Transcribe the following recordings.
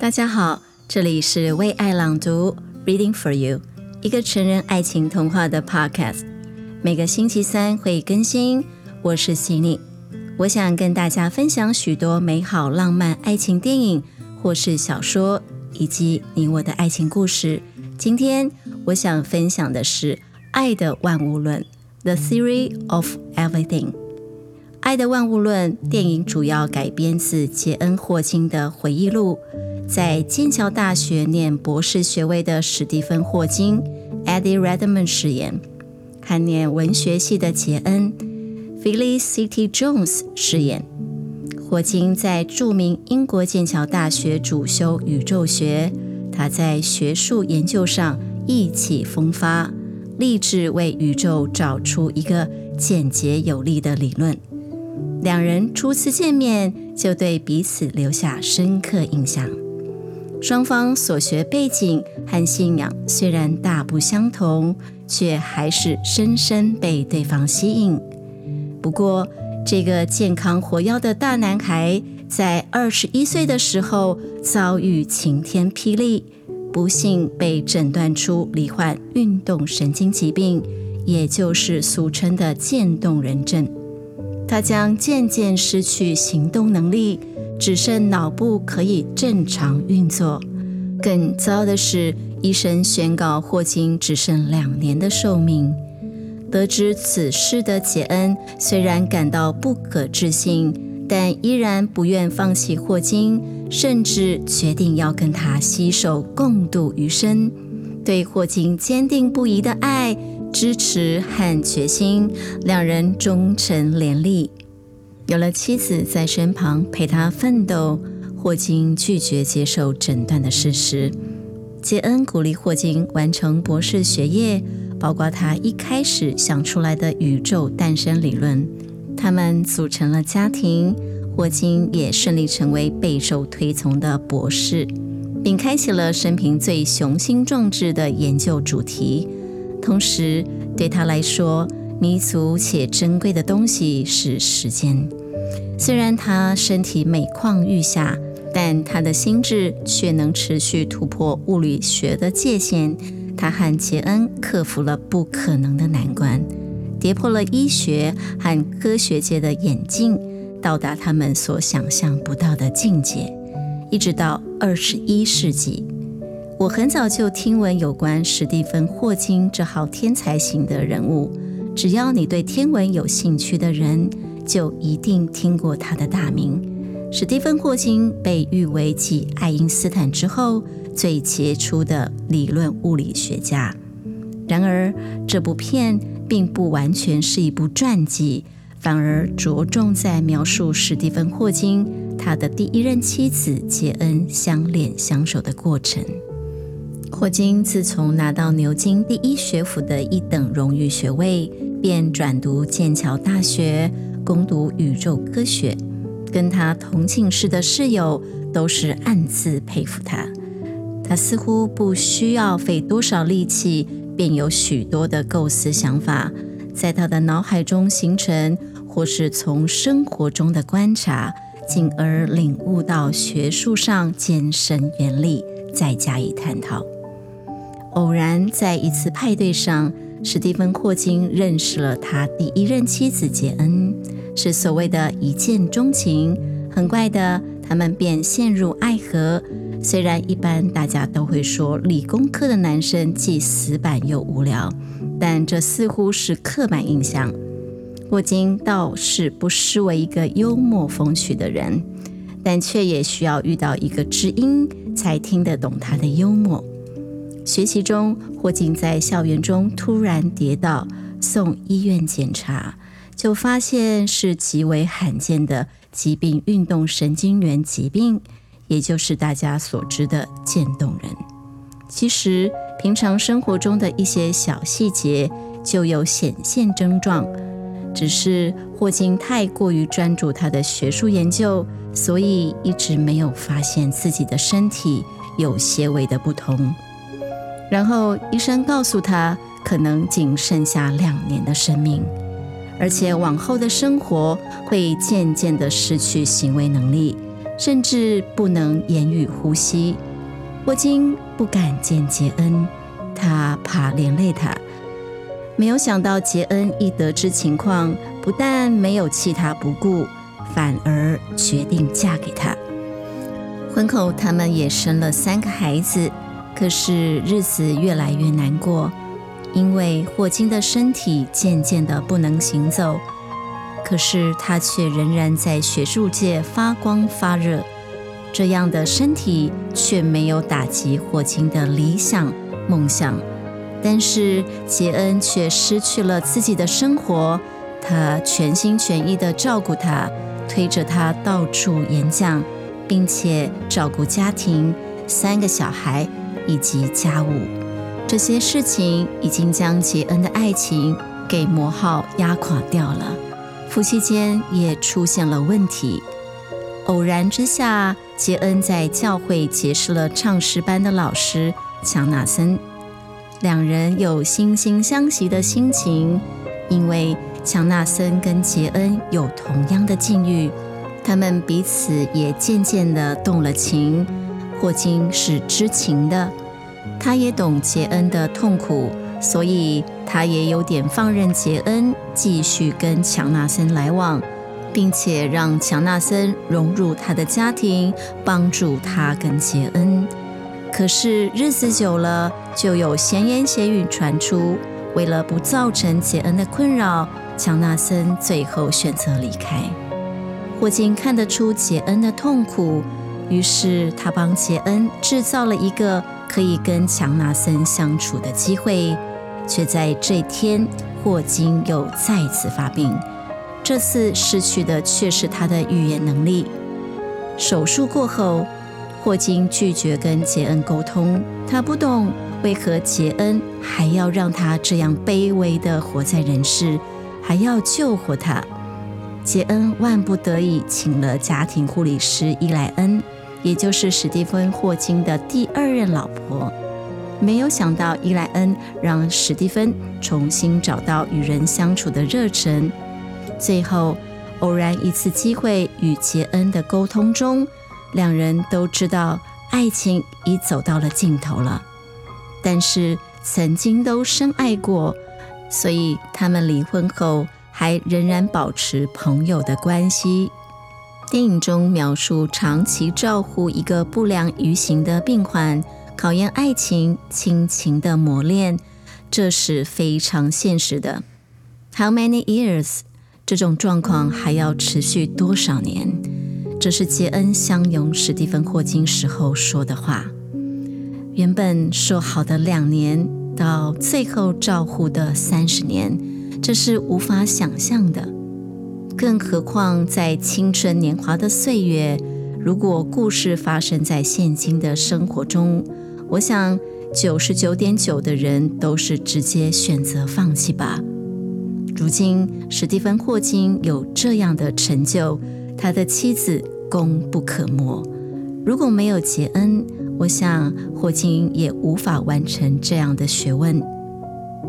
大家好，這裡是為愛朗讀 （Reading for You），一個成人愛情童話的 Podcast，每個星期三會更新。我是西尼。我想跟大家分享許多美好浪漫愛情電影，或是小說，以及你我的愛情故事。今天我想分享的是《愛的萬物論》（The Theory of Everything）。《愛的萬物論》電影主要改編自杰恩·霍金的回憶錄。在劍橋大學念博士學位的史蒂芬·霍金 Eddie Redmayne 飾演，還念文學系的杰恩。Felicity Jones 飾演霍金，在著名英國劍橋大學主修宇宙學。他在學術研究上意氣風發，立志為宇宙找出一個簡潔有力的理論。兩人初次見面就對彼此留下深刻印象。雙方所學背景和信仰雖然大不相同，卻還是深深被對方吸引。不過，這個健康活躍的大男孩在二十一歲的時候遭遇晴天霹靂，不幸被診斷出罹患運動神經疾病，也就是俗稱的漸凍人症。他將漸漸失去行動能力，只剩腦部可以正常運作。更糟的是，醫生宣告霍金只剩兩年的壽命。得知此事的傑恩雖然感到不可置信，但依然不願放棄霍金，甚至決定要跟他攜手共度餘生。對霍金堅定不移的愛、支持和決心，兩人終成連理。有了妻子在身旁陪他奮鬥，霍金拒絕接受診斷的事實。傑恩鼓勵霍金完成博士學業。包括他一開始想出來的宇宙誕生理論，他們組成了家庭。霍金也順利成為備受推崇的博士，並開啟了生平最雄心壯志的研究主題。同時，對他來說，彌足且珍貴的東西是時間。雖然他身體每況愈下，但他的心智卻能持續突破物理學的界限。他和傑恩克服了不可能的難關，跌破了醫學和科學界的眼鏡，到達他們所想象不到的境界。一直到二十一世紀，我很早就聽聞有關史蒂芬·霍金這號天才型的人物。只要你對天文有興趣的人，就一定聽過他的大名。史蒂芬·霍金被譽為繼愛因斯坦之後，最傑出的理論物理學家。然而，這部片並不完全是一部傳記，反而着重在描述史蒂芬·霍金他的第一任妻子杰恩相戀相守的過程。霍金自從拿到牛津第一學府的一等榮譽學位，便轉讀劍橋大學攻讀宇宙科學。跟他同寢室的室友都是暗自佩服他。他似乎不需要費多少力氣，便有許多的構思想法在他的腦海中形成，或是從生活中的觀察，進而領悟到學術上艱深原理，再加以探討。偶然在一次派對上，史蒂芬·霍金認識了他第一任妻子杰恩，是所謂的一見鍾情，很怪的。他們便陷入愛河。雖然一般大家都會說理工科的男生既死板又無聊，但這似乎是刻板印象。霍金倒是不失為一個幽默風趣的人，但卻也需要遇到一個知音才聽得懂他的幽默。學習中，霍金在校園中突然跌倒，送醫院檢查，就發現是極為罕見的。疾病，運動神經元疾病，也就是大家所知的漸凍人。其實，平常生活中的一些小細節就有顯現症狀，只是霍金太過於專注他的學術研究，所以一直沒有發現自己的身體有些微的不同。然後，醫生告訴他，可能僅剩下兩年的生命。而且往後的生活會漸漸地失去行為能力，甚至不能言語呼吸。霍金不敢見杰恩，他怕連累他。沒有想到杰恩一得知情況，不但沒有棄他不顧，反而決定嫁給他。婚後，他們也生了三個孩子，可是日子越來越難過。因為霍金的身體漸漸的不能行走，可是他卻仍然在學術界發光發熱。這樣的身體卻沒有打擊霍金的理想夢想，但是杰恩卻失去了自己的生活。他全心全意的照顧他，推着他到處演講，並且照顧家庭、三個小孩以及家務。這些事情已經將傑恩的愛情給磨耗壓垮掉了，夫妻間也出現了問題。偶然之下，傑恩在教會結識了唱詩班的老師強納森，兩人有惺惺相惜的心情，因為強納森跟傑恩有同樣的境遇，他們彼此也漸漸的動了情。霍金是知情的。他也懂傑恩的痛苦，所以他也有點放任傑恩繼續跟強納森來往，並且讓強納森融入他的家庭，幫助他跟傑恩。可是日子久了，就有閒言閒語傳出。為了不造成傑恩的困擾，強納森最後選擇離開。霍金看得出傑恩的痛苦，於是他幫傑恩製造了一個可以跟強納森相處的機會，卻在這天，霍金又再次發病。這次失去的卻是他的語言能力。手術過後，霍金拒絕跟杰恩溝通，他不懂為何杰恩還要讓他這樣卑微地活在人世，還要救活他。杰恩萬不得已，請了家庭護理師伊萊恩。也就是史蒂芬·霍金的第二任老婆，沒有想到伊萊恩讓史蒂芬重新找到與人相處的熱忱。最後，偶然一次機會與傑恩的溝通中，兩人都知道愛情已走到了盡頭了。但是曾經都深愛過，所以他們離婚後還仍然保持朋友的關係。電影中描述長期照顧一個不良於行的病患，考驗愛情、親情的磨練，這是非常現實的。How many years？這種狀況還要持續多少年？這是杰恩相擁史蒂芬·霍金時候說的話。原本說好的兩年，到最後照顧的三十年，這是無法想象的。更何況，在青春年華的歲月，如果故事發生在現今的生活中，我想九十九點九的人都是直接選擇放棄吧。如今，史蒂芬·霍金有這樣的成就，他的妻子功不可沒。如果沒有杰恩，我想霍金也無法完成這樣的學問，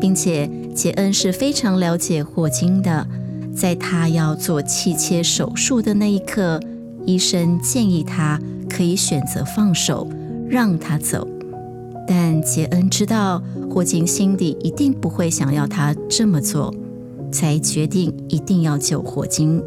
並且杰恩是非常了解霍金的。在他要做氣切手術的那一刻，醫生建議他可以選擇放手，讓他走。但傑恩知道霍金心底一定不會想要他這麼做，才決定一定要救霍金。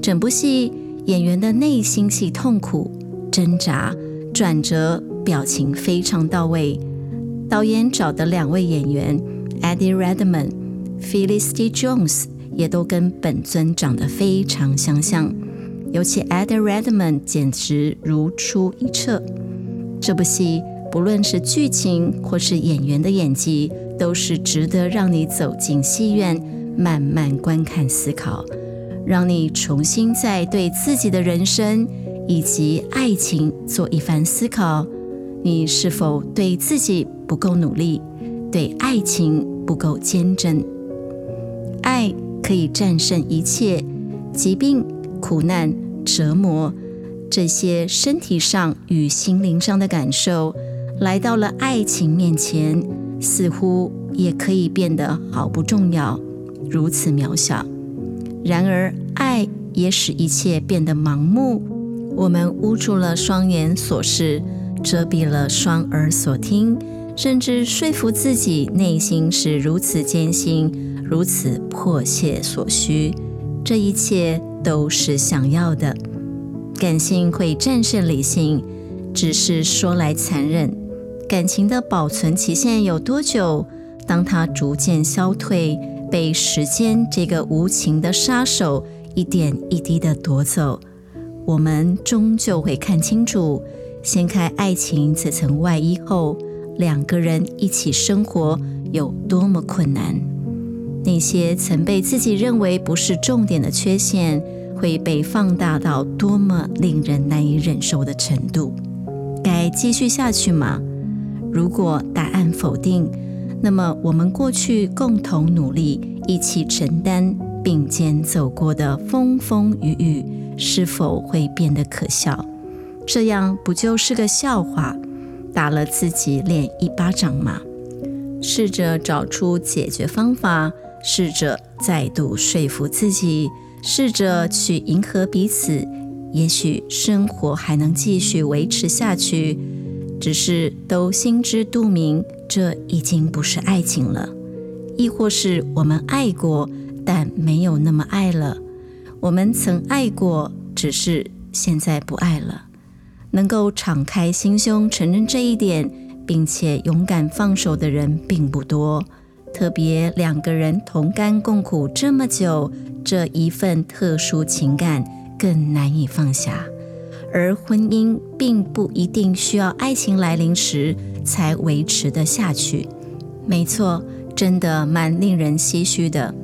整部戲演員的內心戲、痛苦、掙扎、轉折，表情非常到位。導演找的兩位演員：Eddie Redmayne、Felicity Jones。也都跟本尊長得非常相像，尤其 Eddie Redmayne 簡直如出一轍。這部戲不論是劇情或是演員的演技，都是值得讓你走進戲院，慢慢觀看思考，讓你重新再對自己的人生以及愛情做一番思考：你是否對自己不夠努力，對愛情不夠堅貞？愛，可以戰勝一切疾病、苦難、折磨，這些身體上與心靈上的感受，來到了愛情面前，似乎也可以變得毫不重要，如此渺小。然而，愛也使一切變得盲目，我們捂住了雙眼所視，遮蔽了雙耳所聽，甚至說服自己內心是如此艱辛。如此迫切所需，這一切都是想要的。感性會戰勝理性，只是說來殘忍。感情的保存期限有多久？當它逐漸消退，被時間這個無情的殺手一點一滴地奪走，我們終究會看清楚：掀開愛情這層外衣後，兩個人一起生活有多麼困難。那些曾被自己認為不是重點的缺陷，會被放大到多麼令人難以忍受的程度。該繼續下去嗎？如果答案否定，那麼我們過去共同努力、一起承擔、並肩走過的風風雨雨，是否會變得可笑？這樣不就是個笑話，打了自己臉一巴掌嗎？試着找出解決方法。試着再度說服自己，試着去迎合彼此，也許生活還能繼續維持下去，只是都心知肚明，這已經不是愛情了，亦或是我們愛過，但沒有那麼愛了，我們曾愛過，只是現在不愛了。能夠敞開心胸承認這一點，並且勇敢放手的人並不多。特別兩個人同甘共苦這麼久，這一份特殊情感更難以放下。而婚姻並不一定需要愛情來臨時才維持得下去。沒錯，真的蠻令人唏噓的。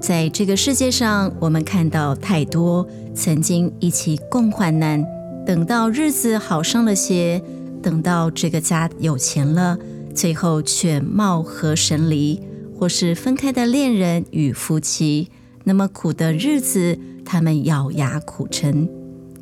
在這個世界上，我們看到太多曾經一起共患難，等到日子好上了些，等到這個家有錢了。最後卻貌合神離，或是分開的戀人與夫妻，那麼苦的日子，他們咬牙苦撐。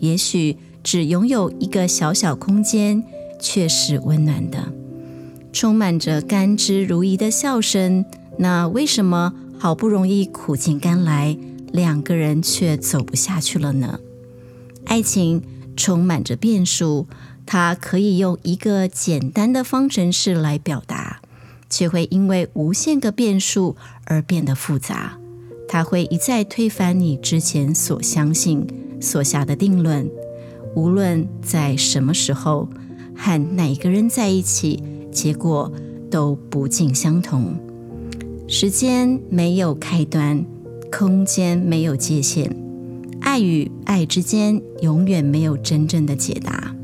也許只擁有一個小小空間，卻是溫暖的，充滿着甘之如飴的笑聲。那為什麼好不容易苦盡甘來，兩個人卻走不下去了呢？愛情充滿着變數。它可以用一個簡單的方程式來表達，卻會因為無限個變數而變得複雜。它會一再推翻你之前所相信、所下的定論。無論在什麼時候和哪個人在一起，結果都不盡相同。時間沒有開端，空間沒有界限，愛與愛之間永遠沒有真正的解答。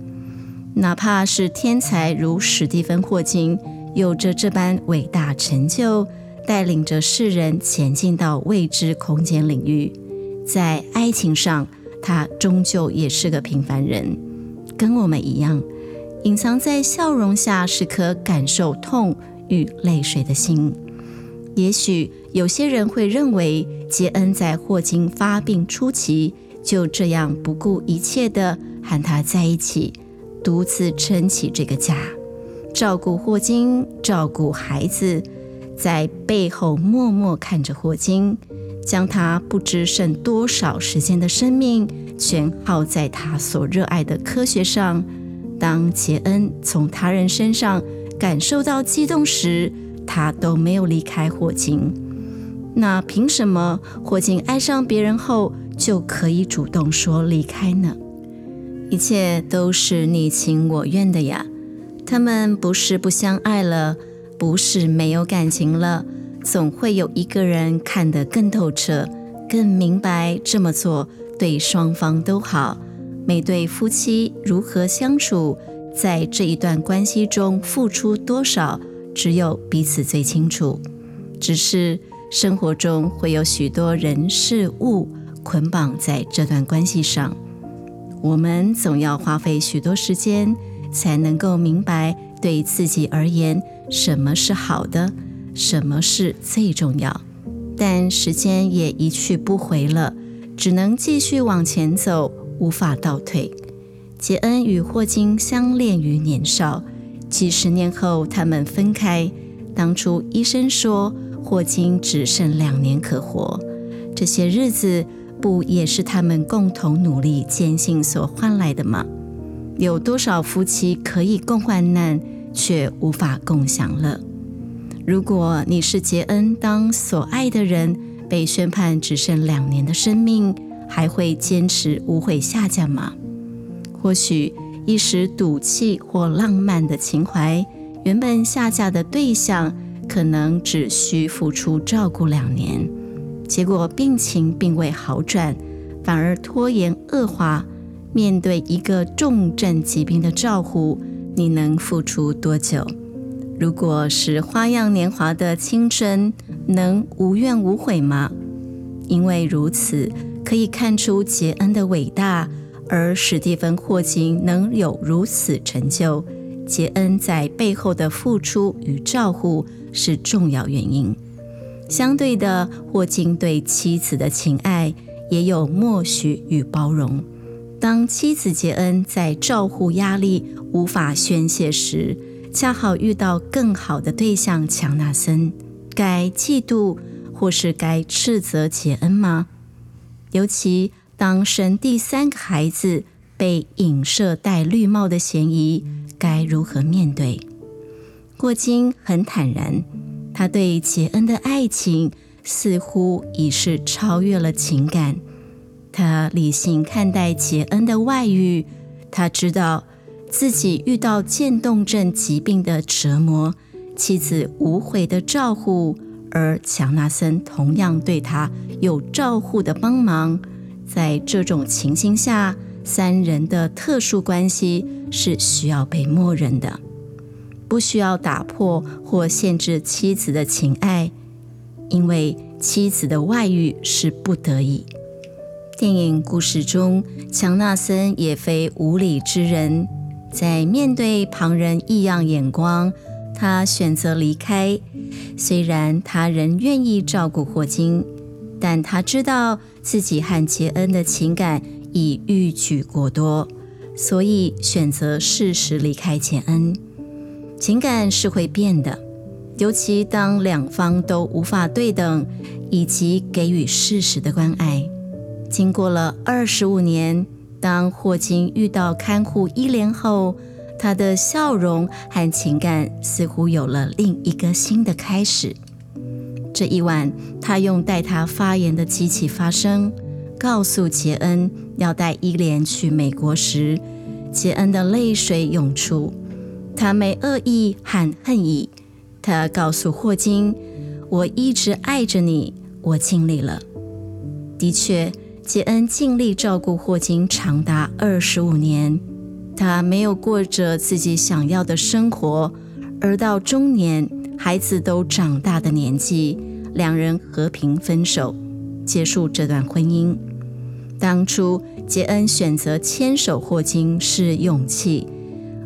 哪怕是天才如史蒂芬·霍金，有着這般偉大成就，帶領着世人前進到未知空間領域，在愛情上，他終究也是個平凡人，跟我們一樣，隱藏在笑容下是顆感受痛與淚水的心。也許有些人會認為，傑恩在霍金發病初期，就這樣不顧一切的和他在一起。獨自撐起這個家，照顧霍金，照顧孩子，在背後默默看着霍金，將他不知剩多少時間的生命全耗在他所熱愛的科學上。當杰恩從他人身上感受到激動時，他都沒有離開霍金。那憑什麼霍金愛上別人後就可以主動說離開呢？一切都是你情我願的呀，他們不是不相愛了，不是沒有感情了，總會有一個人看得更透徹，更明白這麼做對雙方都好。每對夫妻如何相處，在這一段關係中付出多少，只有彼此最清楚。只是生活中會有許多人事物捆綁在這段關係上。我們總要花費許多時間，才能夠明白對自己而言什麼是好的，什麼是最重要。但時間也一去不回了，只能繼續往前走，無法倒退。傑恩與霍金相戀於年少，幾十年後他們分開。當初醫生說霍金只剩兩年可活，這些日子。不也是他們共同努力、艱辛所換來的嗎？有多少夫妻可以共患難，卻無法共享樂？如果你是傑恩，當所愛的人被宣判只剩兩年的生命，還會堅持無悔下嫁嗎？或許一時賭氣或浪漫的情懷，原本下嫁的對象可能只需付出照顧兩年。結果病情並未好轉，反而拖延惡化。面對一個重症疾病的照顧，你能付出多久？如果是花樣年華的青春，能無怨無悔嗎？因為如此，可以看出杰恩的偉大。而史蒂芬·霍金能有如此成就，杰恩在背後的付出與照顧是重要原因。相對的，霍金對妻子的情愛也有默許與包容。當妻子杰恩在照顧壓力無法宣洩時，恰好遇到更好的對象強納森，該嫉妒或是該斥責杰恩嗎？尤其當生第三個孩子被影射戴綠帽的嫌疑，該如何面對？霍金很坦然。他對杰恩的愛情似乎已是超越了情感。他理性看待杰恩的外遇，他知道自己遇到漸凍症疾病的折磨，妻子無悔的照顧，而強納森同樣對他有照顧的幫忙。在這種情形下，三人的特殊關係是需要被默認的。不需要打破或限制妻子的情愛，因為妻子的外遇是不得已。電影故事中，強納森也非無理之人，在面對旁人異樣眼光，他選擇離開。雖然他仍願意照顧霍金，但他知道自己和杰恩的情感已逾矩過多，所以選擇適時離開杰恩。情感是會變的，尤其當兩方都無法對等，以及給予適時的關愛。經過了二十五年，當霍金遇到看護伊蓮後，他的笑容和情感似乎有了另一個新的開始。這一晚，他用代他發言的機器發聲，告訴傑恩要帶伊蓮去美國時，傑恩的淚水湧出。他沒惡意和恨意，他告訴霍金：“我一直愛着你，我盡力了。”的確，杰恩盡力照顧霍金長達二十五年，他沒有過着自己想要的生活。而到中年，孩子都長大的年紀，兩人和平分手，結束這段婚姻。當初，杰恩選擇牽手霍金是勇氣。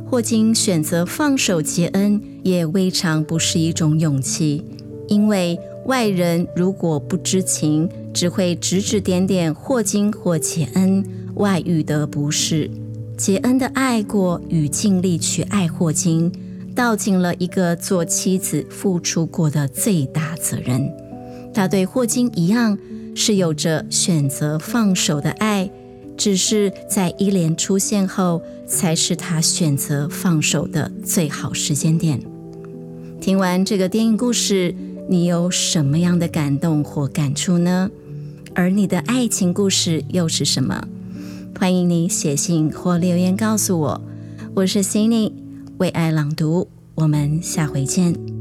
霍金選擇放手傑恩，也未嘗不是一種勇氣。因為外人如果不知情，只會指指點點霍金或傑恩外遇的不是。傑恩的愛過與盡力去愛霍金，道盡了一個做妻子付出過的最大責任。他對霍金一樣，是有着選擇放手的愛。只是在伊蓮出現後，才是他選擇放手的最好時間點。聽完這個電影故事，你有什麼樣的感動或感觸呢？而你的愛情故事又是什麼？歡迎你寫信或留言告訴我。我是 Cindy，為愛朗讀，我們下回見。